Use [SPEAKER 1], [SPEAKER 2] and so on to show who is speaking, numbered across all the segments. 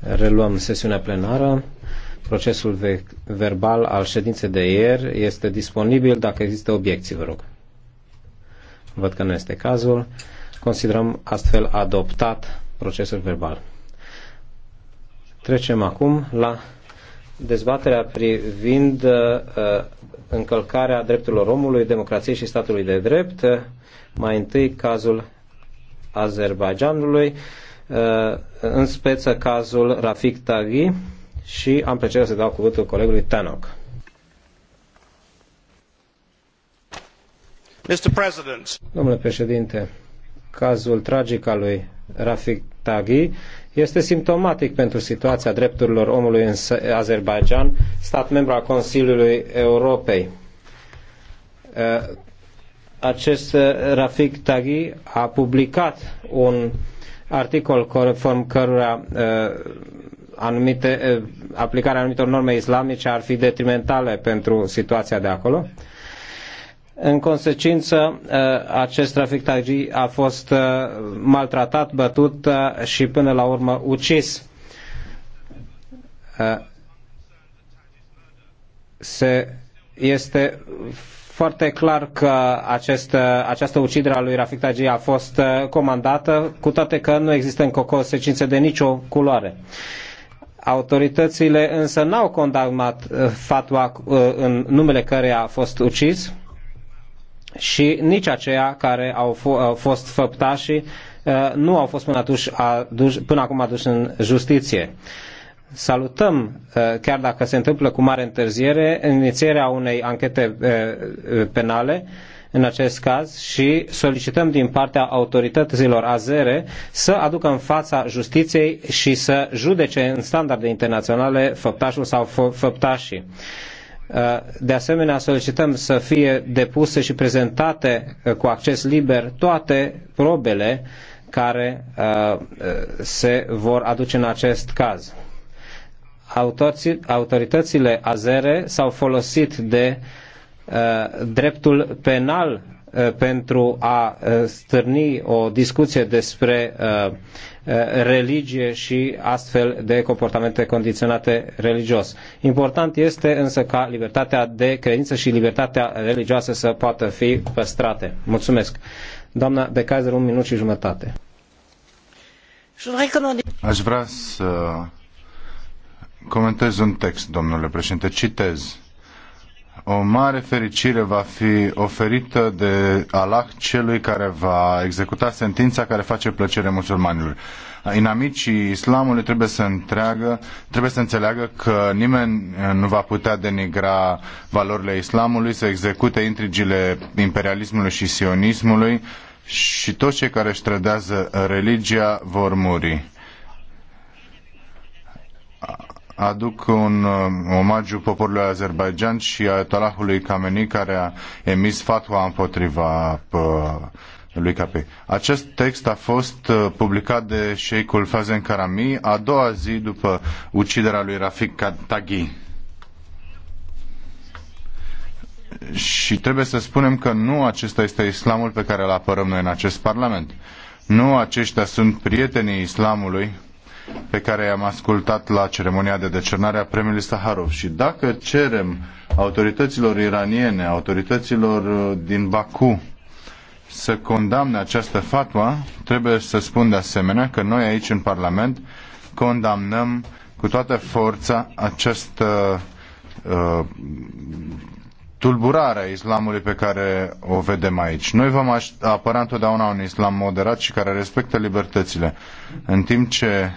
[SPEAKER 1] Reluăm sesiunea plenară. Procesul verbal al ședinței de ieri este disponibil dacă există obiecții, vă rog. Văd că nu este cazul. Considerăm astfel adoptat procesul verbal. Trecem acum la dezbaterea privind uh, încălcarea drepturilor omului, democrației și statului de drept. Mai întâi cazul Azerbaidjanului. Uh, în speță cazul Rafik Taghi și am plăcerea să dau cuvântul colegului Tanok. Domnule președinte, cazul tragic al lui Rafik Taghi este simptomatic pentru situația drepturilor omului în Azerbaijan, stat membru al Consiliului Europei. Uh, acest uh, Rafik Taghi a publicat un articol conform cărora uh, anumite, uh, aplicarea anumitor norme islamice ar fi detrimentale pentru situația de acolo. În consecință, uh, acest trafic tagi a fost maltratat, bătut și până la urmă ucis. Se este foarte clar că acest, această ucidere a lui Rafik Tagi a fost uh, comandată, cu toate că nu există încă consecințe de nicio culoare. Autoritățile însă n-au condamnat uh, fatwa uh, în numele care a fost ucis și nici aceia care au fost făptașii nu au fost până, atunci, până acum aduși în justiție. Uh, salutăm, eh, chiar dacă se întâmplă cu mare întârziere, inițierea unei anchete eh, eh, penale în acest caz și solicităm din partea autorităților azere să aducă în fața justiției și să judece în standarde internaționale făptașul sau făptașii. De asemenea, solicităm să fie depuse și prezentate cu acces liber toate probele care se vor aduce în acest caz autoritățile azere s-au folosit de uh, dreptul penal uh, pentru a uh, stârni o discuție despre religie și astfel de comportamente condiționate religios. Important este însă ca libertatea de credință și libertatea religioasă să poată fi păstrate. Mulțumesc. Doamna de Kaiser, un minut și jumătate.
[SPEAKER 2] Aș vrea să comentez un text, domnule președinte. Citez. O mare fericire va fi oferită de Allah celui care va executa sentința care face plăcere musulmanilor. Inamicii islamului trebuie să, întreagă, trebuie să înțeleagă că nimeni nu va putea denigra valorile islamului, să execute intrigile imperialismului și sionismului și toți cei care își trădează religia vor muri aduc un uh, omagiu poporului Azerbaijan și Ayatollahului Khamenei care a emis fatwa împotriva uh, lui Kp. Acest text a fost uh, publicat de Sheikhul Fazen Karami a doua zi după uciderea lui Rafik Taghi. Și trebuie să spunem că nu acesta este islamul pe care îl apărăm noi în acest Parlament. Nu aceștia sunt prietenii islamului, pe care i-am ascultat la ceremonia de decernare a premiului Saharov. Și dacă cerem autorităților iraniene, autorităților uh, din Baku, să condamne această fatwa, trebuie să spun de asemenea că noi aici în Parlament condamnăm cu toată forța această uh, tulburarea islamului pe care o vedem aici. Noi vom apăra întotdeauna un islam moderat și care respectă libertățile, în timp ce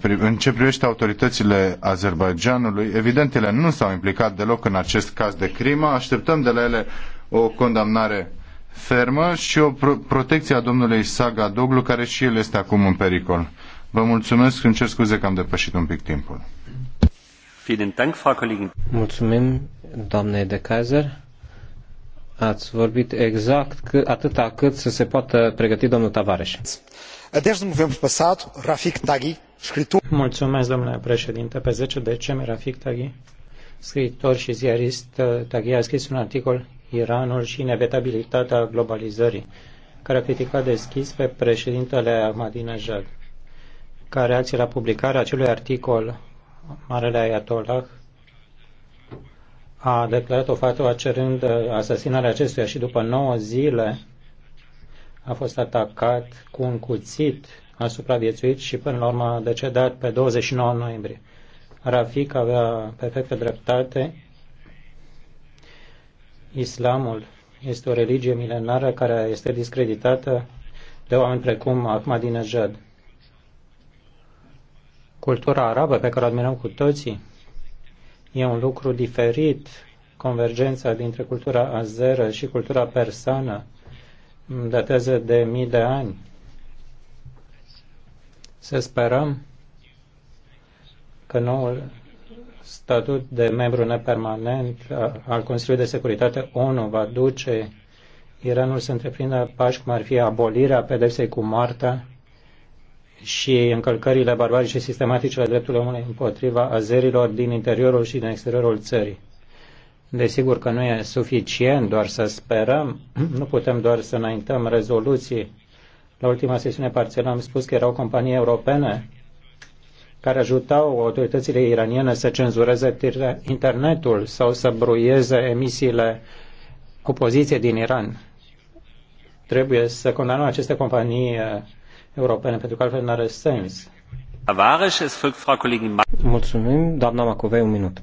[SPEAKER 2] în ce privește autoritățile Azerbaijanului, evident ele nu s-au implicat deloc în acest caz de crimă. Așteptăm de la ele o condamnare fermă și o pro- protecție a domnului Saga Doglu, care și el este acum în pericol. Vă mulțumesc, îmi cer scuze că am depășit un pic timpul.
[SPEAKER 1] Mulțumim, doamne de Kaiser. Ați vorbit exact că, atâta cât să se poată pregăti domnul Tavares
[SPEAKER 3] desde novembro passado rafik tagi scriitor Mulțumesc, domnule președinte. Pe 10 decembrie, Rafik Taghi, scriitor și ziarist, uh, Taghi a scris un articol Iranul și inevitabilitatea globalizării, care a criticat deschis pe președintele Ahmadinejad. Ca reacție la publicarea acelui articol, Marele Ayatollah a declarat o fatwa cerând uh, asasinarea acestuia și după 9 zile a fost atacat cu un cuțit, a supraviețuit și până la urmă a decedat pe 29 noiembrie. Rafik avea perfectă dreptate. Islamul este o religie milenară care este discreditată de oameni precum Ahmadinejad. Cultura arabă pe care o admirăm cu toții e un lucru diferit. Convergența dintre cultura azeră și cultura persană dateze de mii de ani. Să sperăm că noul statut de membru nepermanent al Consiliului de Securitate ONU va duce Iranul să întreprindă pași cum ar fi abolirea pedepsei cu moartea și încălcările barbarice sistematice ale drepturilor omului împotriva azerilor din interiorul și din exteriorul țării. Desigur că nu e suficient doar să sperăm, nu putem doar să înaintăm rezoluții. La ultima sesiune parțială am spus că erau companii europene care ajutau autoritățile iraniene să cenzureze internetul sau să bruieze emisiile opoziției din Iran. Trebuie să condamnăm aceste companii uh, europene, pentru că altfel nu are sens.
[SPEAKER 1] Mulțumim, doamna Macovei, un minut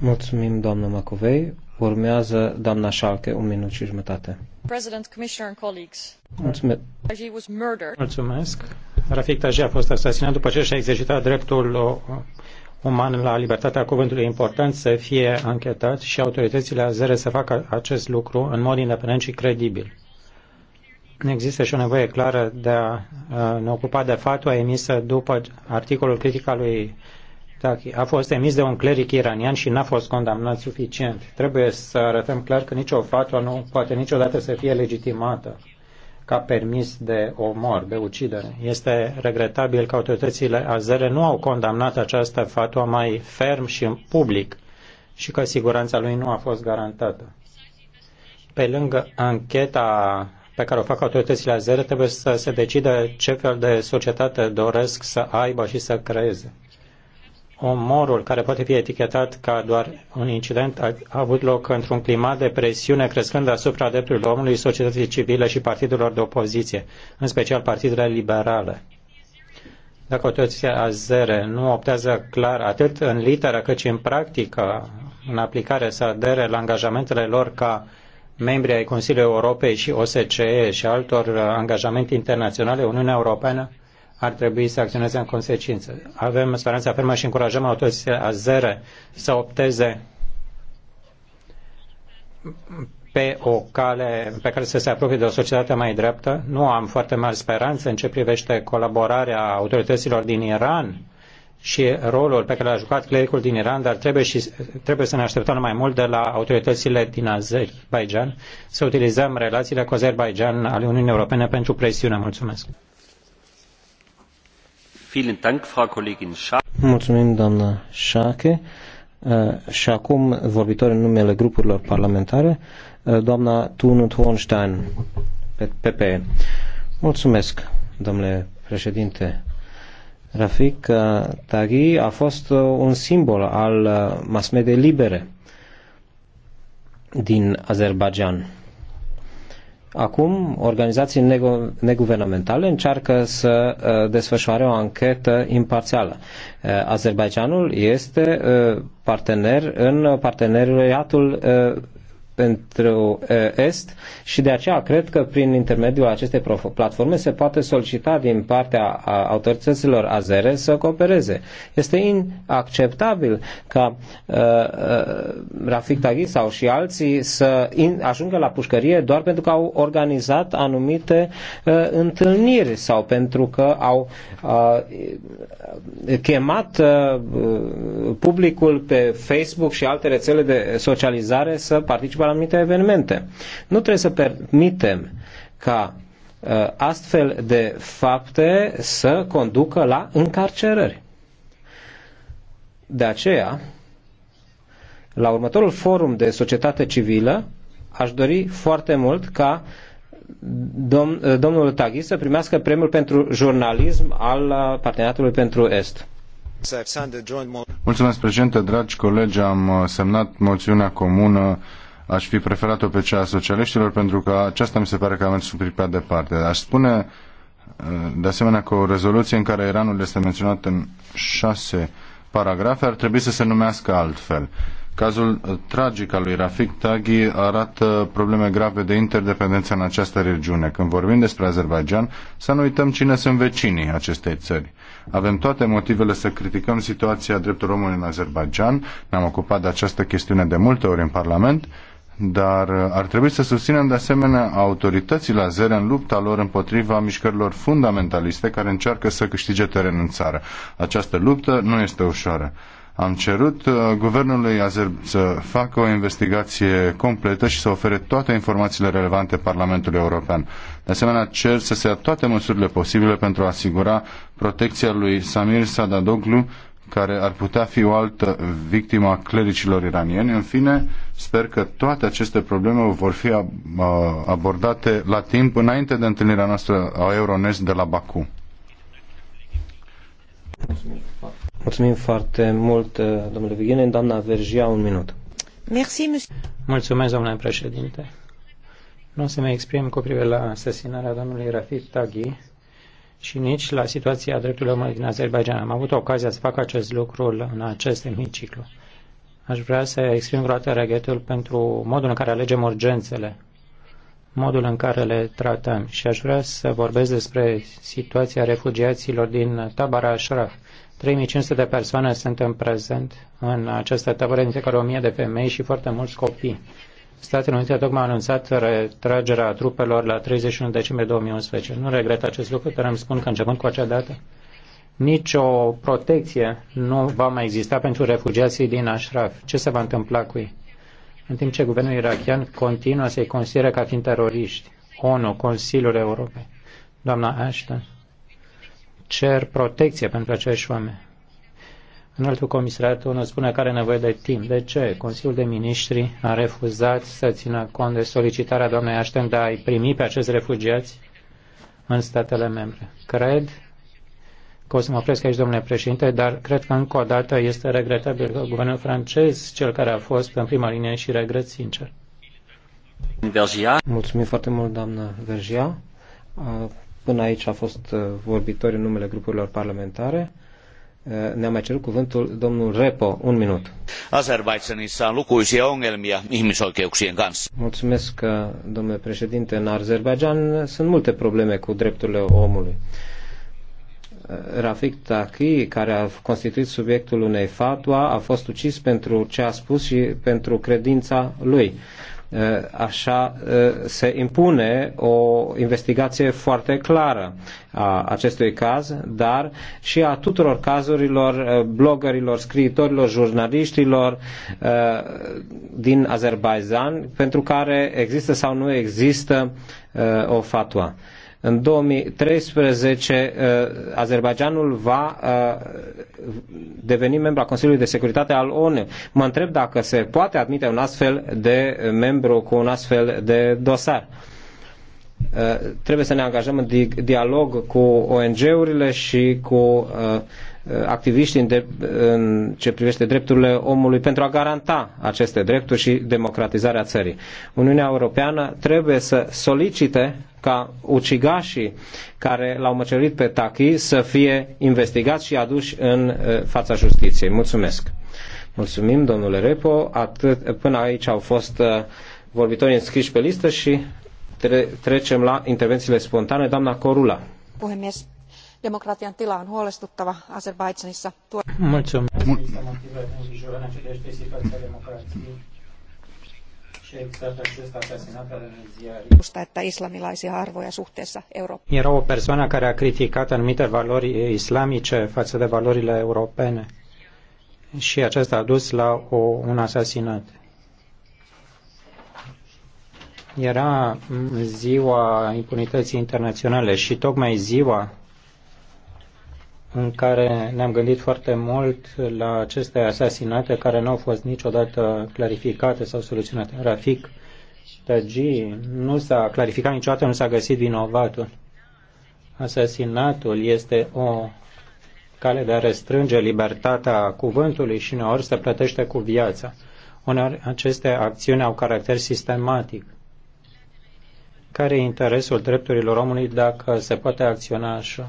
[SPEAKER 1] Mulțumim, doamnă Macovei. Urmează doamna Schalke un minut și jumătate.
[SPEAKER 3] President, Commissioner colleagues. Mulțumesc. Mulțumesc. Rafik Taji a fost asasinat după ce și-a exercitat dreptul uh, uman la libertatea cuvântului important să fie anchetat și autoritățile azere să facă acest lucru în mod independent și credibil. Există și o nevoie clară de a uh, ne ocupa de fatua emisă după articolul critic al lui Taki a fost emis de un cleric iranian și n-a fost condamnat suficient. Trebuie să arătăm clar că nicio fatwa nu poate niciodată să fie legitimată ca permis de omor, de ucidere. Este regretabil că autoritățile azere nu au condamnat această fatwa mai ferm și în public și că siguranța lui nu a fost garantată. Pe lângă ancheta pe care o fac autoritățile azere, trebuie să se decidă ce fel de societate doresc să aibă și să creeze omorul, care poate fi etichetat ca doar un incident, a avut loc într-un climat de presiune crescând asupra drepturilor omului, societății civile și partidelor de opoziție, în special partidele liberale. Dacă autoritățile azere nu optează clar atât în literă cât și în practică, în aplicare să adere la angajamentele lor ca membri ai Consiliului Europei și OSCE și altor angajamente internaționale, Uniunea Europeană ar trebui să acționeze în consecință. Avem speranța fermă și încurajăm autoritățile azere să opteze pe o cale pe care să se apropie de o societate mai dreaptă. Nu am foarte mari speranțe în ce privește colaborarea autorităților din Iran și rolul pe care l-a jucat clericul din Iran, dar trebuie, și, trebuie să ne așteptăm mai mult de la autoritățile din Azerbaijan să utilizăm relațiile cu Azerbaijan ale Uniunii Europene pentru presiune.
[SPEAKER 1] Mulțumesc! Mulțumim, doamna Șache. Uh, și acum, vorbitori în numele grupurilor parlamentare, uh, doamna Tunut Hornstein, PPE. Mulțumesc, domnule președinte. Rafik uh, Taghi a fost un simbol al mass libere din Azerbaijan Acum, organizații neguvernamentale încearcă să uh, desfășoare o anchetă imparțială. Uh, Azerbaijanul este uh, partener în parteneriatul pentru Est și de aceea cred că prin intermediul acestei platforme se poate solicita din partea autorităților azere să coopereze. Este inacceptabil ca uh, uh, Rafik Taghi sau și alții să in, ajungă la pușcărie doar pentru că au organizat anumite uh, întâlniri sau pentru că au uh, chemat uh, publicul pe Facebook și alte rețele de socializare să participe la anumite evenimente. Nu trebuie să permitem ca ă, astfel de fapte să conducă la încarcerări. De aceea, la următorul forum de societate civilă, aș dori foarte mult ca domn, domnul Taghi să primească premiul pentru jurnalism al Parteneriatului pentru Est.
[SPEAKER 2] Mulțumesc, președinte, dragi colegi, am semnat moțiunea comună Aș fi preferat-o pe cea a socialiștilor pentru că aceasta mi se pare că a mers un pic prea departe. Aș spune uh, de asemenea că o rezoluție în care Iranul este menționat în șase paragrafe ar trebui să se numească altfel. Cazul uh, tragic al lui Rafik Taghi arată probleme grave de interdependență în această regiune. Când vorbim despre Azerbaijan, să nu uităm cine sunt vecinii acestei țări. Avem toate motivele să criticăm situația drepturilor omului în Azerbaijan. Ne-am ocupat de această chestiune de multe ori în Parlament dar uh, ar trebui să susținem de asemenea autoritățile azere în lupta lor împotriva mișcărilor fundamentaliste care încearcă să câștige teren în țară. Această luptă nu este ușoară. Am cerut uh, guvernului azer să facă o investigație completă și să ofere toate informațiile relevante Parlamentului European. De asemenea, cer să se ia toate măsurile posibile pentru a asigura protecția lui Samir Sadadoglu care ar putea fi o altă victimă a clericilor iranieni. În fine, sper că toate aceste probleme vor fi uh, abordate la timp înainte de întâlnirea noastră a Euronest de la Baku.
[SPEAKER 1] Mulțumim, foarte mult, uh, domnule Vigine. Doamna Vergia, un minut. Merci, Mulțumesc, domnule președinte.
[SPEAKER 3] Nu o să mă exprim cu privire la asesinarea domnului Rafik Taghi, și nici la situația drepturilor omului din Azerbaijan. Am avut ocazia să fac acest lucru în acest hemiciclu. Aș vrea să exprim vreodată regretul pentru modul în care alegem urgențele, modul în care le tratăm și aș vrea să vorbesc despre situația refugiaților din tabara Ashraf. 3500 de persoane sunt în prezent în această tabără, dintre care 1000 de femei și foarte mulți copii. Statele Unite tocmai a anunțat retragerea trupelor la 31 decembrie 2011. Nu regret acest lucru, dar îmi spun că începând cu acea dată, nicio protecție nu va mai exista pentru refugiații din Ashraf. Ce se va întâmpla cu ei? În timp ce guvernul irachian continuă să-i consideră ca fiind teroriști, ONU, Consiliul Europei, doamna Ashton, cer protecție pentru acești oameni. În altul comisariat, unul spune că are nevoie de timp. De ce? Consiliul de Ministri a refuzat să țină cont de solicitarea doamnei Ashton de a-i primi pe acești refugiați în statele membre. Cred că o să mă opresc aici, domnule președinte, dar cred că încă o dată este regretabil că guvernul francez, cel care a fost în prima linie și regret sincer.
[SPEAKER 1] Vergia. Mulțumim foarte mult, doamnă Vergia. Până aici a fost uh, vorbitor în numele grupurilor parlamentare. Eh, ne-a mai cerut cuvântul domnul Repo. Un minut.
[SPEAKER 2] Azerbaidjanissa on lukuisia ongelmia ihmisoikeuksien kanssa.
[SPEAKER 1] Mulțumesc, eh, domnule președinte. În Azerbaijan sunt multe probleme cu drepturile omului. Eh, Rafik Taki, care a constituit subiectul unei fatwa, a fost ucis pentru ce a spus și pentru credința lui. Eh, așa eh, se impune o investigație foarte clară a acestui caz, dar și a tuturor cazurilor eh, blogărilor, scriitorilor, jurnaliștilor din Azerbaijan, pentru care există sau nu există o fatwa. În 2013, uh, Azerbaijanul va uh, deveni membru al Consiliului de Securitate al ONU. Mă întreb dacă se poate admite un astfel de membru cu un astfel de dosar uh, trebuie să ne angajăm în dialog cu ONG-urile și cu activiști în, de, în ce privește drepturile omului pentru a garanta aceste drepturi și democratizarea țării. Uniunea Europeană trebuie să solicite ca ucigașii care l-au măcerit pe Taki să fie investigați și aduși în uh, fața justiției. Mulțumesc! Mulțumim, domnule Repo. Atât, până aici au fost uh, vorbitorii înscriși pe listă și tre- trecem la intervențiile spontane. Doamna Corula
[SPEAKER 4] demokratian tila on huolestuttava azerbaidanissa. että islamilaisia arvoja suhteessa Eurooppaan.
[SPEAKER 3] Era o persoană care a criticat anumite valori islamice față de valorile europene și acesta a dus la o, un asasinat. Era ziua impunității internaționale și tocmai ziua în care ne-am gândit foarte mult la aceste asasinate care nu au fost niciodată clarificate sau soluționate. Rafik Tăgi nu s-a clarificat niciodată, nu s-a găsit vinovatul. Asasinatul este o cale de a restrânge libertatea cuvântului și uneori se plătește cu viața. Uneori aceste acțiuni au caracter sistematic. Care e interesul drepturilor omului dacă se poate acționa așa?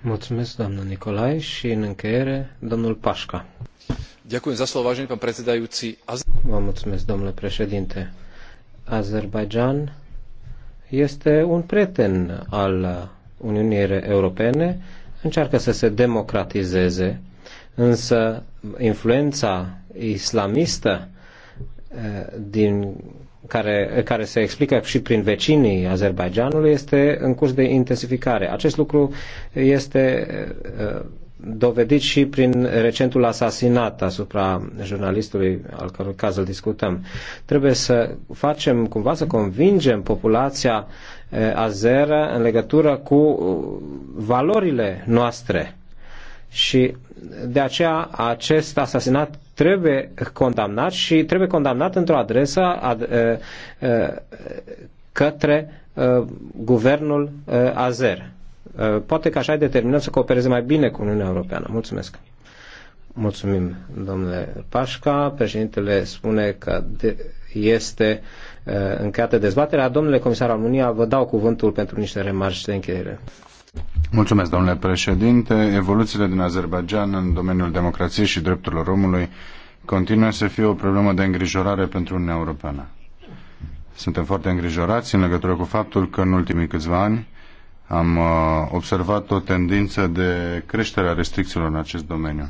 [SPEAKER 1] Mulțumesc, doamnă Nicolae, și în încheiere, domnul Pașca. Vă mulțumesc, domnule președinte. Azerbaijan este un prieten al Uniunii Europene, încearcă să se democratizeze, însă influența islamistă eh, din care, care se explică și prin vecinii Azerbaijanului este în curs de intensificare. Acest lucru este uh, dovedit și prin recentul asasinat asupra jurnalistului al cărui caz îl discutăm. Trebuie să facem cumva să convingem populația uh, azeră în legătură cu uh, valorile noastre. Și de aceea acest asasinat trebuie condamnat și trebuie condamnat într-o adresă ad, uh, uh, către uh, guvernul uh, azer. Uh, poate că așa determinăm să coopereze mai bine cu Uniunea Europeană. Mulțumesc! Mulțumim, domnule Pașca. Președintele spune că de, este uh, încheiată dezbaterea. Domnule comisar Almunia, vă dau cuvântul pentru niște remarci
[SPEAKER 2] de încheiere. Mulțumesc, domnule președinte. Evoluțiile din Azerbaijan în domeniul democrației și drepturilor omului continuă să fie o problemă de îngrijorare pentru Uniunea Europeană. Suntem foarte îngrijorați în legătură cu faptul că în ultimii câțiva ani am uh, observat o tendință de creștere a restricțiilor în acest domeniu.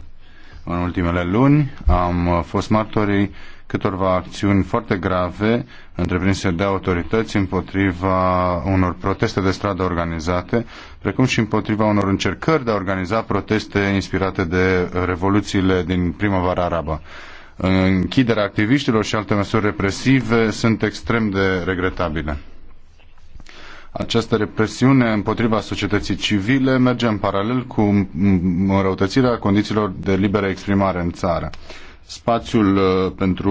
[SPEAKER 2] În ultimele luni am uh, fost martorii câtorva acțiuni foarte grave întreprinse de autorități împotriva unor proteste de stradă organizate, precum și împotriva unor încercări de a organiza proteste inspirate de revoluțiile din primăvara arabă. Închiderea activiștilor și alte măsuri represive sunt extrem de regretabile. Această represiune împotriva societății civile merge în paralel cu înrăutățirea condițiilor de liberă exprimare în țară. Spațiul uh, pentru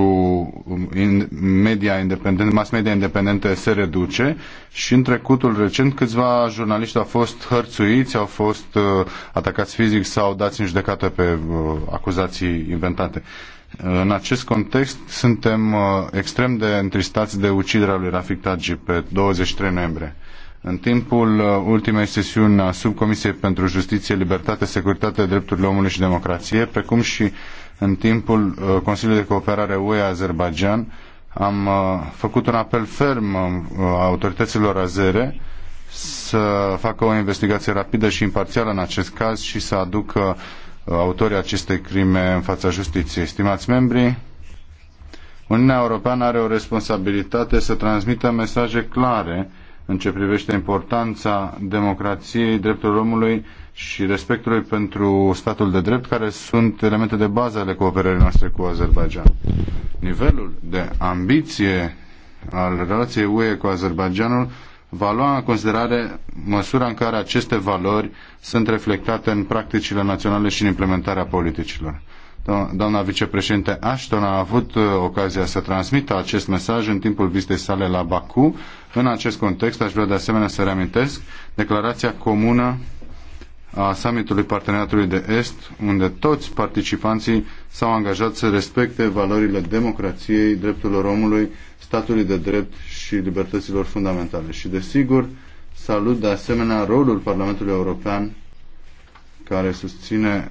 [SPEAKER 2] um, media independentă, mass media independente se reduce și în trecutul recent câțiva jurnaliști au fost hărțuiți, au fost uh, atacați fizic sau dați în judecată pe uh, acuzații inventate. În acest context, suntem extrem de întristați de uciderea lui Rafik Taghi pe 23 noiembrie. În timpul uh, ultimei sesiuni a Subcomisiei pentru Justiție, Libertate, Securitate, Drepturile Omului și Democrație, precum și în timpul uh, Consiliului de Cooperare UE-Azerbaidjan, am uh, făcut un apel ferm autorităților azere să facă o investigație rapidă și imparțială în acest caz și să aducă autorii acestei crime în fața justiției. Stimați membri, Uniunea Europeană are o responsabilitate să transmită mesaje clare în ce privește importanța democrației, drepturilor omului și respectului pentru statul de drept, care sunt elemente de bază ale cooperării noastre cu Azerbaijan. Nivelul de ambiție al relației UE cu Azerbaijanul va lua în considerare măsura în care aceste valori sunt reflectate în practicile naționale și în implementarea politicilor doamna vicepreședinte Ashton a avut uh, ocazia să transmită acest mesaj în timpul vizitei sale la Baku. În acest context aș vrea de asemenea să reamintesc declarația comună a summitului Parteneriatului de Est, unde toți participanții s-au angajat să respecte valorile democrației, drepturilor omului, statului de drept și libertăților fundamentale. Și desigur, salut de asemenea rolul Parlamentului European care susține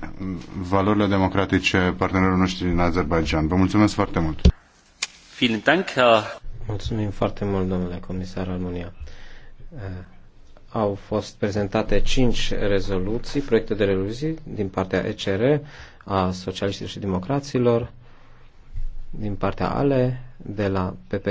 [SPEAKER 2] valorile democratice partenerilor noștri din Azerbaijan. Vă mulțumesc foarte mult!
[SPEAKER 1] Mulțumim foarte mult, domnule comisar Armonia. Eh, au fost prezentate cinci rezoluții, proiecte de rezoluții din partea ECR, a socialiștilor și democraților, din partea ALE, de la PPE.